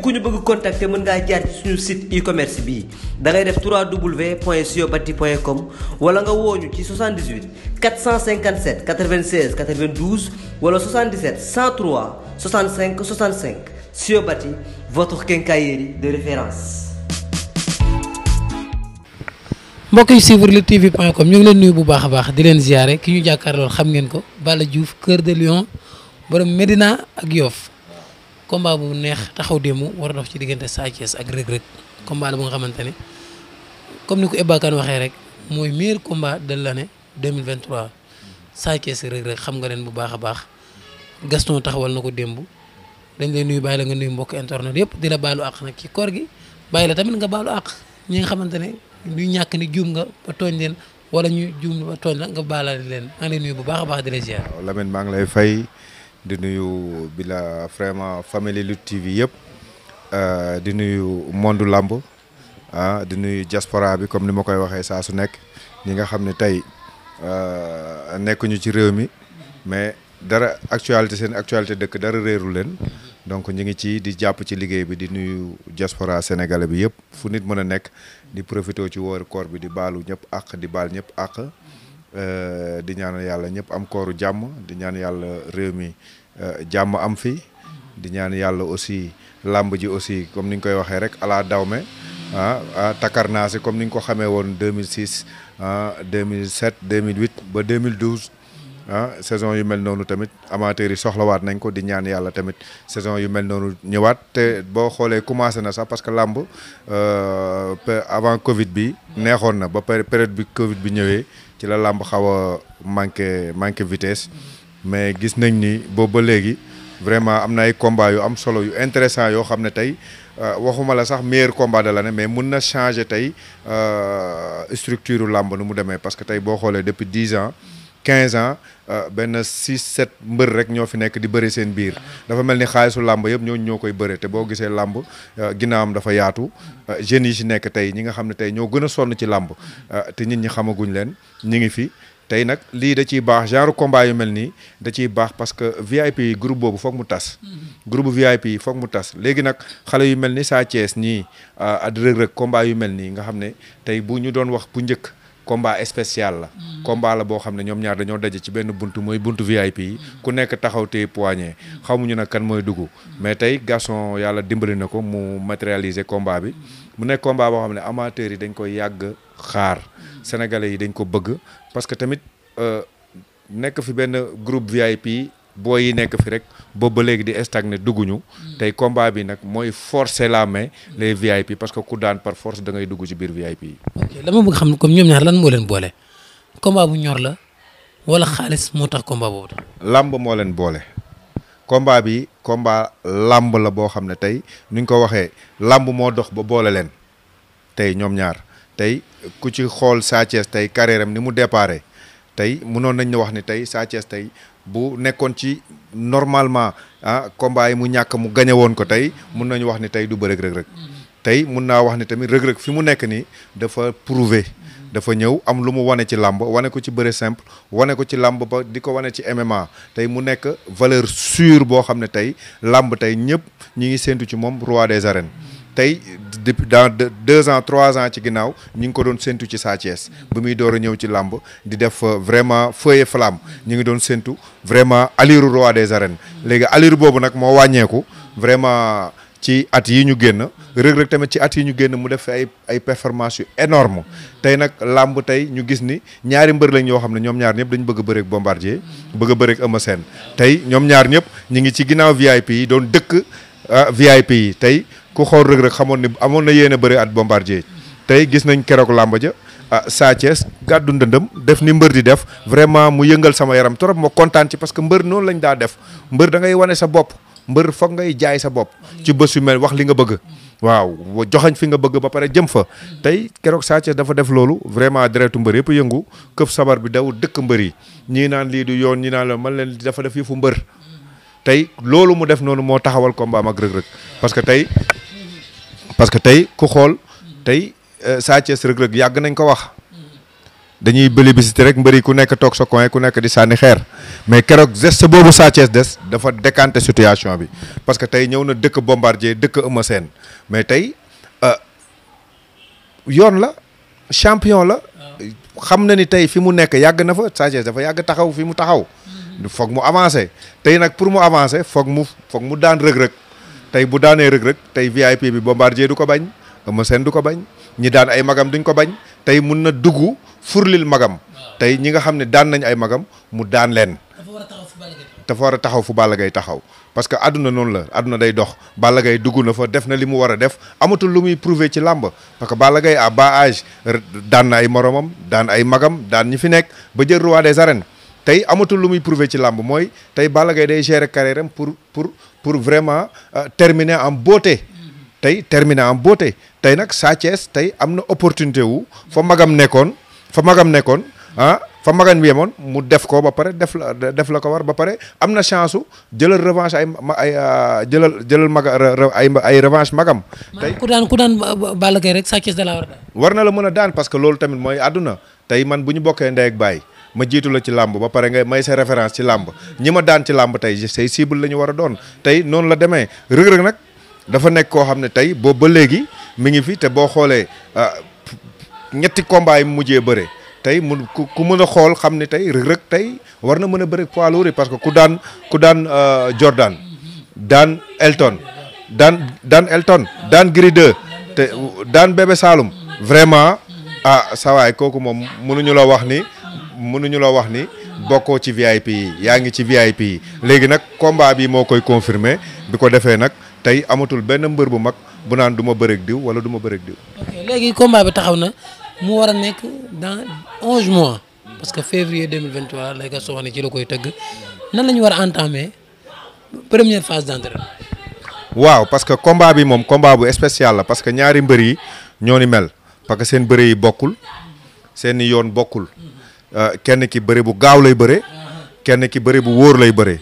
képp ku ñu bëgg contacter mën ngaa jaar ci suñu site e-commerce bi da def 3w point siobati point com wala nga wooñu ci 78 457 96 92 wala 77 103 65 65 siobati votre quincaillerie de référence. mbokk yi suivre Lutte TV point com ñu ngi leen nuyu bu baax a baax di leen ziare ki ñu jàkkaarlool xam ngeen ko Balla Diouf Cœur de Lion borom Medina ak Yoff combat bu neex taxaw démb war a dox ci diggante Sa Thiès ak Reug Reug combat la bu nga xamante ne comme ni ko Ebba Kane waxee rek mooy meilleur combat de l'année 2023 Sa Thiès Reug Reug xam nga leen bu baax a baax Gaston taxawal na ko démb dañ lay nuyu bàyyi la nga nuyu mbokk internet yëpp di la baalu àq nag ci koor gi bàyyi la tamit nga baalu àq ñi nga xamante ne ñu ñàkk ni juum nga ba tooñ leen wala ñuy juum ba tooñ la nga baalale leen maa ngi nuyu bu baax a baax di la ziar. waaw ngi lay fay. di nuyu bila la vraiment famille Lutte TV yëpp euh, di nuyu monde làmb ah di nuyu jaspora bi comme ni ma koy waxee saa su nekk ñi nga xam ne tey euh, nekkuñu ci réew mi mais dara actualité seen actualité dëkk dara réeru leen donc ñu ngi ci di jàpp ci liggéey bi di nuyu jaspora sénégalais bi yëpp fu nit mën a nekk di profité ci wóor koor bi di baalu ñëpp àq di baal ñëpp àq Euh, di ñaan yàlla ñëpp am kooru jàmm di ñaan yàlla réew mi euh, jàmm am fi di ñaan yàlla aussi làmb ji aussi comme ni nga koy waxee rek ala dawme ah takarnaa si comme ni nga ko xamee woon deux 2006 ah 2007 2008 ba 2012 ah saison yu mel noonu tamit amateurs yi soxlawaat nañ ko di ñaan yàlla tamit saison yu mel noonu ñëwaat te boo xoolee commencé na sax parce que làmb euh, avant Covid bi neexoon na ba période bi Covid bi ñëwee. ci la làmb xawa a manqué manqué vitesse mais gis nañ ni boobu ba léegi vraiment am na ay combat yu am solo yu intéressant yoo xam ne tey euh, waxuma la sax meilleur combat de l'année mais mun na changer tey euh, structure làmb nu mu demee parce que tey boo xoolee depuis dix ans 15 ans euh, benn 6 7 mbër rek ñoo fi nekk di bëri seen biir dafa mel ni xaalisu làmb yëpp ñoo ñoo koy bëre te boo gisee làmb euh, ginnaawam dafa yaatu euh, jeunes yi si nekk tey ñi nga xam ne tey ñoo gën a sonn ci làmb te nit ñi xamaguñ leen ñi ngi fi tey nag lii da ciy baax genre combat yu mel nii da ciy baax parce que VIP yi group boobu foog mu tas groupe VIP yi foog mu tas léegi nag xale yu mel ni Sa Thiès ñii ak Reug Reug combat yu mel nii nga xam ne tey bu ñu doon wax bu njëkk combat spécial la. Mhm. combat la boo xam ne ñoom ñaar dañoo daje ci benn buntu mooy buntu VIP yi mhm. ku nekk taxaw tey poignet mhm. xamuñu nag kan mooy dugg mais tey Gaston yàlla dimbali na ko mu matérialiser combat bi mu nekk combat boo xam ne amateurs yi dañ koy yàgg xaar sénégalais yi dañ ko bëgg parce que tamit euh, nekk fi benn groupe VIP. booy yi nekk fi rek boobu léegi di stagné dugguñu hmm. tey combat bi nag mooy forcer la main les VIP parce que ku daan par force da ngay dugg ci biir VIP yi. ok dama bëgg xam comme ñoom ñaar lan moo leen boole. combat bu ñor la wala xaalis moo tax combat boobu. làmb moo leen boole. combat bi combat làmb la boo xam ne tey ni ñu ko waxee làmb moo dox ba boole leen tey ñoom ñaar tey ku ci xool Sa tey carrière am ni mu déparé tey mënoon nañ ne wax ni tey Sa tey bu nekkoon ci normalement ah combat yi mu ñàkk mu gañe ko tey mun nañu wax ni tey du bëreeg rëg-rëg mm-hmm. tey mun naa wax ni tamit rëg-rëg fi mu nekk nii dafa prouver mm-hmm. dafa ñëw am lu mu wane ci làmb wane ko ci bëre simple wane ko ci làmb ba di ko wane ci MMA tey mu nekk valeur sûre boo xam ne tey làmb tey ñëpp ñi ngi séentu ci moom roi des arènes mm-hmm. tey depuis dans deux ans trois ans ci ginnaaw ñu ngi ko doon séntu ci Sa Thiès bu muy door a ñëw ci làmb di def euh, vraiment feuille flamme ñu ngi doon séntu vraiment allure roi des arènes léegi allure boobu nag moo wàññeeku vraiment ci at yi ñu génn Reug Reug tamit ci at yi ñu génn mu def ay ay performance yu énorme tey nag làmb tey ñu gis ni ñaari mbër lañ yoo xam ne ñoom ñaar ñëpp dañu bëgg a bëreeg Bombardier bëgg a bëreeg tey ñoom ñaar ñëpp ñu ngi ci ginnaaw ku xool rëg Reug xamoon ne amoon na yéen bari at bombardier tey gis nañ keroog làmbaja ja ah Sa Thiès gàddu ndëndëm def ni mbër di def vraiment mu yëngal sama yaram trop ma kontaan ci parce que mbër noonu lañ daa def mbër da ngay wane sa bopp mbër foog ngay jaay sa bopp ci bés yu mel wax li nga bëgg waaw joxañ fi nga bëgg ba pare jëm fa tey keroog Sa dafa def loolu vraiment deretu mbër yëpp yëngu këf sabar bi daw dëkk mbër yi ñii naan lii du yoon ñii naan la man leen dafa def yëfu mbër tey loolu mu def noonu moo taxawal kombaam ak Reug Reug parce que tey parce que tey ku xool tey euh, Sa Thiès Reug Reug yàgg nañ ko wax dañuy bëli bisiti rek mbëri ku nekk toog sa coin ku nekk di sànni xeer mais keroog geste boobu Sa Thiès des dafa décanter situation bi parce que tey ñëw na dëkk Bombardier dëkk Eumeu Sène mais tey euh, yoon la champion la ah. xam na ni tey fi mu nekk yàgg na fa Sa Thiès dafa yàgg taxaw fi mu taxaw foog mu avancé tey nag pour mu avancé foog mu foog mu daan rëg-rëg tey bu daanee rëg-rëg tey VIP bi bombardier du ko bañ Eumeu seen du ko bañ ñi daan ay magam duñ ko bañ tey mun na dugg furlil magam tey ñi nga xam ne daan nañ ay magam mu daan leen dafa war a taxaw fu bala gay taxaw parce que àdduna noonu la àdduna day dox bala gay dugg na fa def na li mu war a def amatul lu muy prouver ci làmb parce que Balla gay à bas âge daan na ay moromam daan ay magam daan ñi fi nekk ba jël roi des tey amatul lu muy prouver ci làmb mooy tey Balla Gaye day gérer carrière pour pour pour vraiment euh, terminer en beauté tey terminer en beauté tey nag Sa tey am na opportunité wu fa magam nekkoon fa magam nekkoon ah fa magan bi yemoon mu def ko ba pare def la def la ko war ba pare am na chance su jëlal revanche ay ma ay euh, jëlal jëlal maga ay ay revanche magam. tey ku daan ku daan Balla rek Sa Thiès la war a daan. war na la mën a daan parce que loolu tamit mooy àdduna tey man bu ñu bokkee ndeeg ak ma jiitu la ci làmb ba pare nga may sa référence ci làmb ñi ma daan ci làmb tey say cible la ñu war a doon tey noonu la demee rëg-rëg nag dafa nekk koo xam ne tey boo ba léegi mi ngi fi te boo xoolee euh, ñetti combat yi mu mujjee bëre tey mu ku mën a xool xam ni tey rëg-rëg tey war na mën a bëre poids lourd parce que ku daan ku daan euh, Jordan daan Elton daan daan Elton daan Gris 2 te daan Bébé Saloum vraiment ah sawaay kooku moom mënuñu la wax ni mënuñu la wax ni bokkoo ci VIP yi yaa ngi ci VIP yi léegi nag combat bi moo koy confirmer bi ko defee nag tey amatul benn mbër bu mag bu naan duma ma bëreeg diw wala duma ma bëreeg diw. ok léegi combat bi taxaw na mu war a nekk dans onze mois parce que février 2023 lay nga soxna ci la koy tëgg nan lañu war a entamer première phase d'entraînement. waaw parce que combat bi moom combat bu spécial la parce que ñaari mbër yi ñoo ni mel parce que seen bëre yi bokkul seen yoon bokkul. Euh, kenn ki bëre bu gaaw lay bëre kenn ki bëre bu wóor lay bëre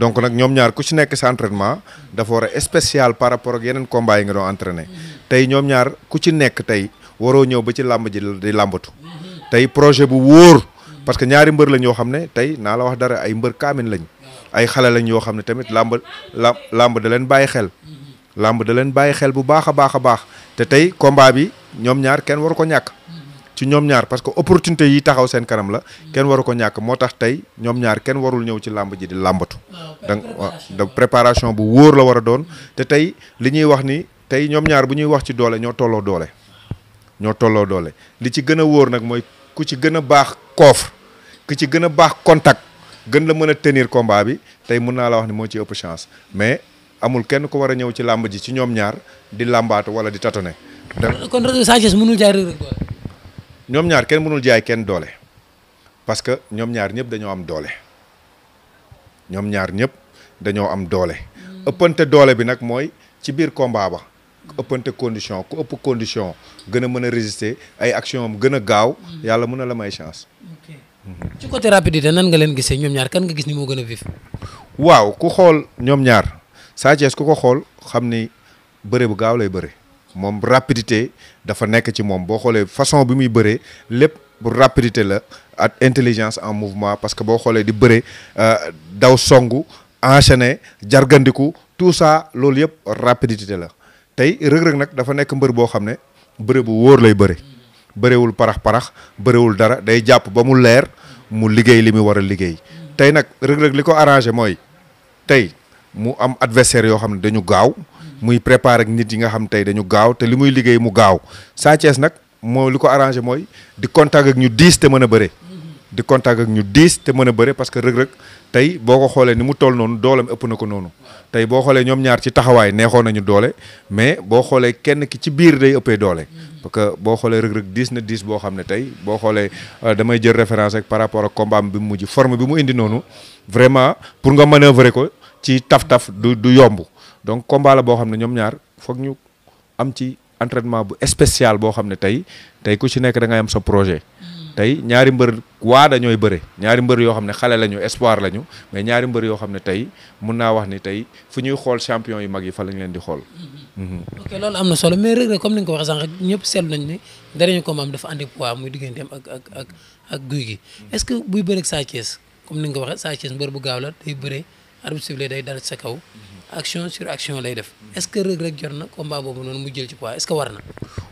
donc nag ñoom ñaar ku ci nekk sa entraînement dafa war a spécial par rapport ak yeneen combat yi nga doon entraîné tey ñoom ñaar ku ci nekk tey waroo ñëw ba ci làmb ji di làmbatu tey projet bu wóor parce que ñaari mbër lañ yoo xam ne tey naa la wax dara ay mbër kaamin lañ ay xale lañ yoo xam ne tamit làmb la làmb da leen bàyyi xel làmb da leen bàyyi xel bu baax a baax a baax te tey combat bi ñoom ñaar kenn waru ko ñàkk ci ñoom ñaar parce que opportunité yi taxaw seen kanam la kenn wara ko ñàkk moo tax tey ñoom ñaar kenn warul ñëw ci làmb ji di làmbatu ah, donc da préparation bu wóor la war a doon te tey li ñuy wax ni tey ñoom ñaar bu ñuy wax ci doole ñoo tolloo doole ñoo tolloo doole li ci gën a wóor nag mooy ku ci gën a baax coffre ku ci gën a baax contact gën la mën a tenir combat bi tey mun naa la wax ni moo ci ëpp chance mais amul kenn ku war a ñëw ci làmb ji ci ñoom ñaar di làmbaatu wala di tatone kon ñoom ñaar kenn mënul jaay kenn doole parce que ñoom ñaar ñëpp dañoo am doole ñoom ñaar ñëpp dañoo am doole. Hmm. ëppante doole bi nag mooy ci biir combat ba. ku ëppante condition ku ëpp condition gën a mën a résister ay action am gën a gaaw. Hmm. yàlla mun na la may chance. Hmm. ci côté rapidité nan nga leen gisee ñoom ñaar kenn nga gis ni moo gën a vif. waaw ku xool ñoom ñaar Sa Thiès ku ko xool xam ni bëre bu gaaw lay bëre. moom rapidité dafa nekk ci moom boo xoolee façon bi muy bëree lépp bu rapidité la ak intelligence en mouvement parce que boo xoolee di bëree euh, daw songu enchaîné jargandiku tout ça loolu yëpp rapidité la tey rëg-rëg nag dafa nekk mbër boo xam ne bëre bu wóor lay bëre bërewul parax-parax bërewul dara day jàpp ba mu leer mu liggéey li muy war a liggéey tey nag rëg-rëg li ko arrangé mooy tey mu am adversaire yoo xam ne dañu gaaw muy préparer ak nit yi nga xam tey dañu gaaw te li muy liggéey mu gaaw Sa Thiès nag moo li ko arrangé mooy di contact ak ñu diis te mën a bëre. di contact ñu diis te mën a bëre parce que rëg-rëg tey boo ko xoolee ni mu toll noonu dooleem ëpp na ko noonu tey boo xoolee ñoom ñaar ci taxawaay neexoon nañu doole mais boo xoolee kenn ki ci biir day ëppee doole parce que boo xoolee rëg-rëg diis na diis boo xam ne tey boo xoolee euh, damay jël référence rek par rapport ak combat bi mu mujj forme bi mu indi noonu vraiment pour nga manœuvrer ko ci taf du du yomb donc combat la boo xam ne ñoom ñaar foog ñu am ci entraînement bu spécial boo xam ne tey tey ku ci nekk da ngay am sa projet. Mm. tey ñaari mbër waa dañooy bëre ñaari mbër yoo xam ne xale lañu espoir lañu mais ñaari mbër yoo xam ne tey mun naa wax ni tey fu ñuy xool champion yu mag yi fa lañ leen di xool. Mm-hmm. Mm-hmm. loolu am na solo mais Reug Reug comme ni nga waxee sànq ñëpp seetlu nañu ne darañu ko maam dafa andi poids muy digganteem ak ak ak ak guy gi mm. est-ce que buy bëreeg Sa Thiès ni nga ko waxee Sa Thiès mbër bu gaaw la day bëree arbitre day dal sa kaw. Mm-hmm. action sur action lay def est-ce que Reug Reug jot na combat boobu noonu mu jël ci poids est-ce que war na.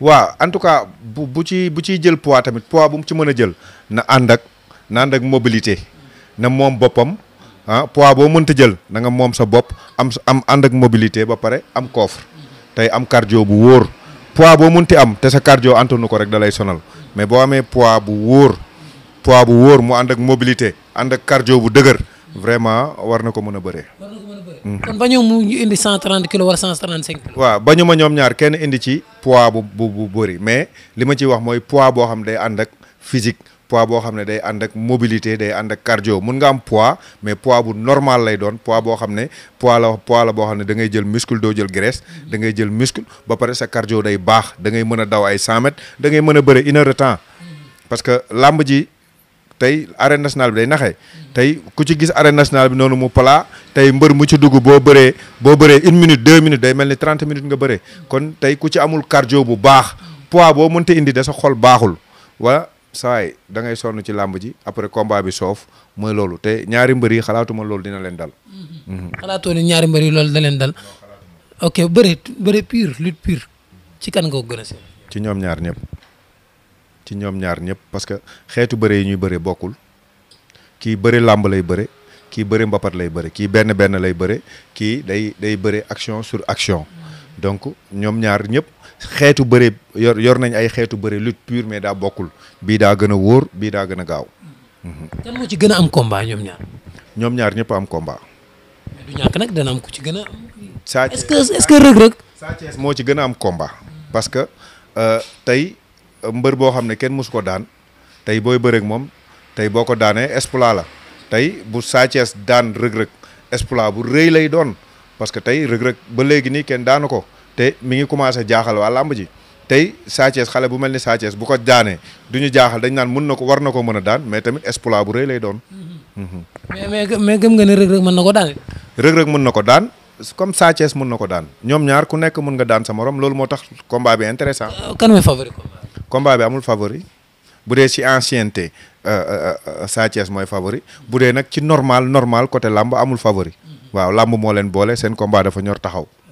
waa en tout cas bu bu ci bu ciy jël poids tamit poids bu mu ci mën a jël na ànd ak na ànd ak mobilité na moom boppam ah poids boo mënta jël na nga moom sa bopp am am ànd ak mobilité ba pare am coffre tey am cardio bu wóor poids boo mënti am te sa cardio antanu ko rek dalay sonal mais boo amee poids bu wóor poids bu wóor mu ànd ak mobilité ànd ak cardio bu dëgër. vraiment war na ko mën a bëree. a bëree. Mhm. kon bañu mu indi 130 kilos wala 135 kilos. waaw bañu ma ñoom ñaar kenn indi ci poids bu bu bu bëri mais li ma ciy wax mooy poids boo xam ne day ànd ak physique poids boo xam ne ànd ak mobilité day ànd ak cardio mun nga am poids mais poids bu normal lay doon poids boo xam ne poids la poids la boo xam ne da ngay jël muscle doo jël graisse mhm. dangay jël muscle ba pare sa cardio day baax dangay ngay mën a daw ay 100 mètres da ngay mën a bëri une heure mhm. parce que làmb ji. tey arène nationale bi day naxee tey ku ci gis arène nationale bi noonu mu plat tey mbër mu ci dugg boo bëree boo bëree une minute deux minutes day mel ni trente minutes nga bëree kon tey ku ci amul cardio bu baax pois boo mënta indi da sa xol baaxul wala saay da ngay sonn ci làmb ji après combat bi soof mooy loolu te ñaari mbër yi xalaatuma lool dina leen dal. Mm-hmm. xalaatoo ne ñaari mbër yi loolu da leen dal. ok bëre ci kan nga ko gën a ci ñoom ñaar ñëpp. ci ñoom ñaar ñëpp parce que xeetu bëre yi ñuy bëre bokkul kii bëre làmb lay bëre kii bëre mbapat lay bëre kii benn benn lay bëre kii day day bëre action sur action donc ñoom ñaar ñëpp xeetu bëre yor yor nañ ay xeetu bëre lu pure mais daa bokkul bii daa gën a wóor bii daa gën a gaaw. Mhm. moo ci gën a am combat ñoom ñaar. ñëpp am combat. mais nag dana am ci gën a Sa Thiès moo ci gën a am combat. parce que euh, tey. mbër boo xam ne kenn mosu ko daan tey booy bëreek moom tey boo ko daanee exploit la tey bu Sa Thiès daan rëg-rëg exploit bu rëy lay doon parce que tey rëg-rëg ba léegi nii kenn daanu ko te mi ngi commencé jaaxal waa làmb ji tey Sa xale bu mel ni Sa bu ko daanee du ñu jaaxal dañ naan mun na ko war na ko mën a daan mais tamit exploit bu rëy lay doon. Mm-hmm. Mm-hmm. mais mais nga ne mën na ko daan. rëg-rëg na ko daan. comme Sa mun na ko daan ñoom ñaar ku nekk mun nga daan sa morom loolu moo tax combat bi intéressant kan combat bi amul favori bu dee ci ancienneté euh, euh, euh, Sa Thiès mooy favori bu dee nag ci normal normal côté làmb amul favori mm-hmm. waaw lamb moo leen boole seen combat dafa ñor taxaw